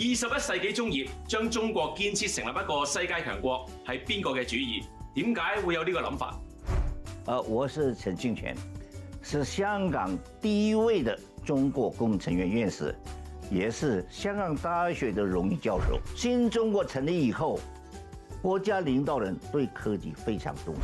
二十一世紀中葉將中國建設成立一個世界強國係邊個嘅主意？點解會有呢個諗法？我是陳清泉，是香港第一位的中國工程院院士，也是香港大學的榮譽教授。新中國成立以後，國家領導人對科技非常重視。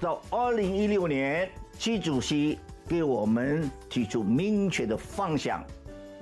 到二零一六年，習主席給我們提出明確的方向。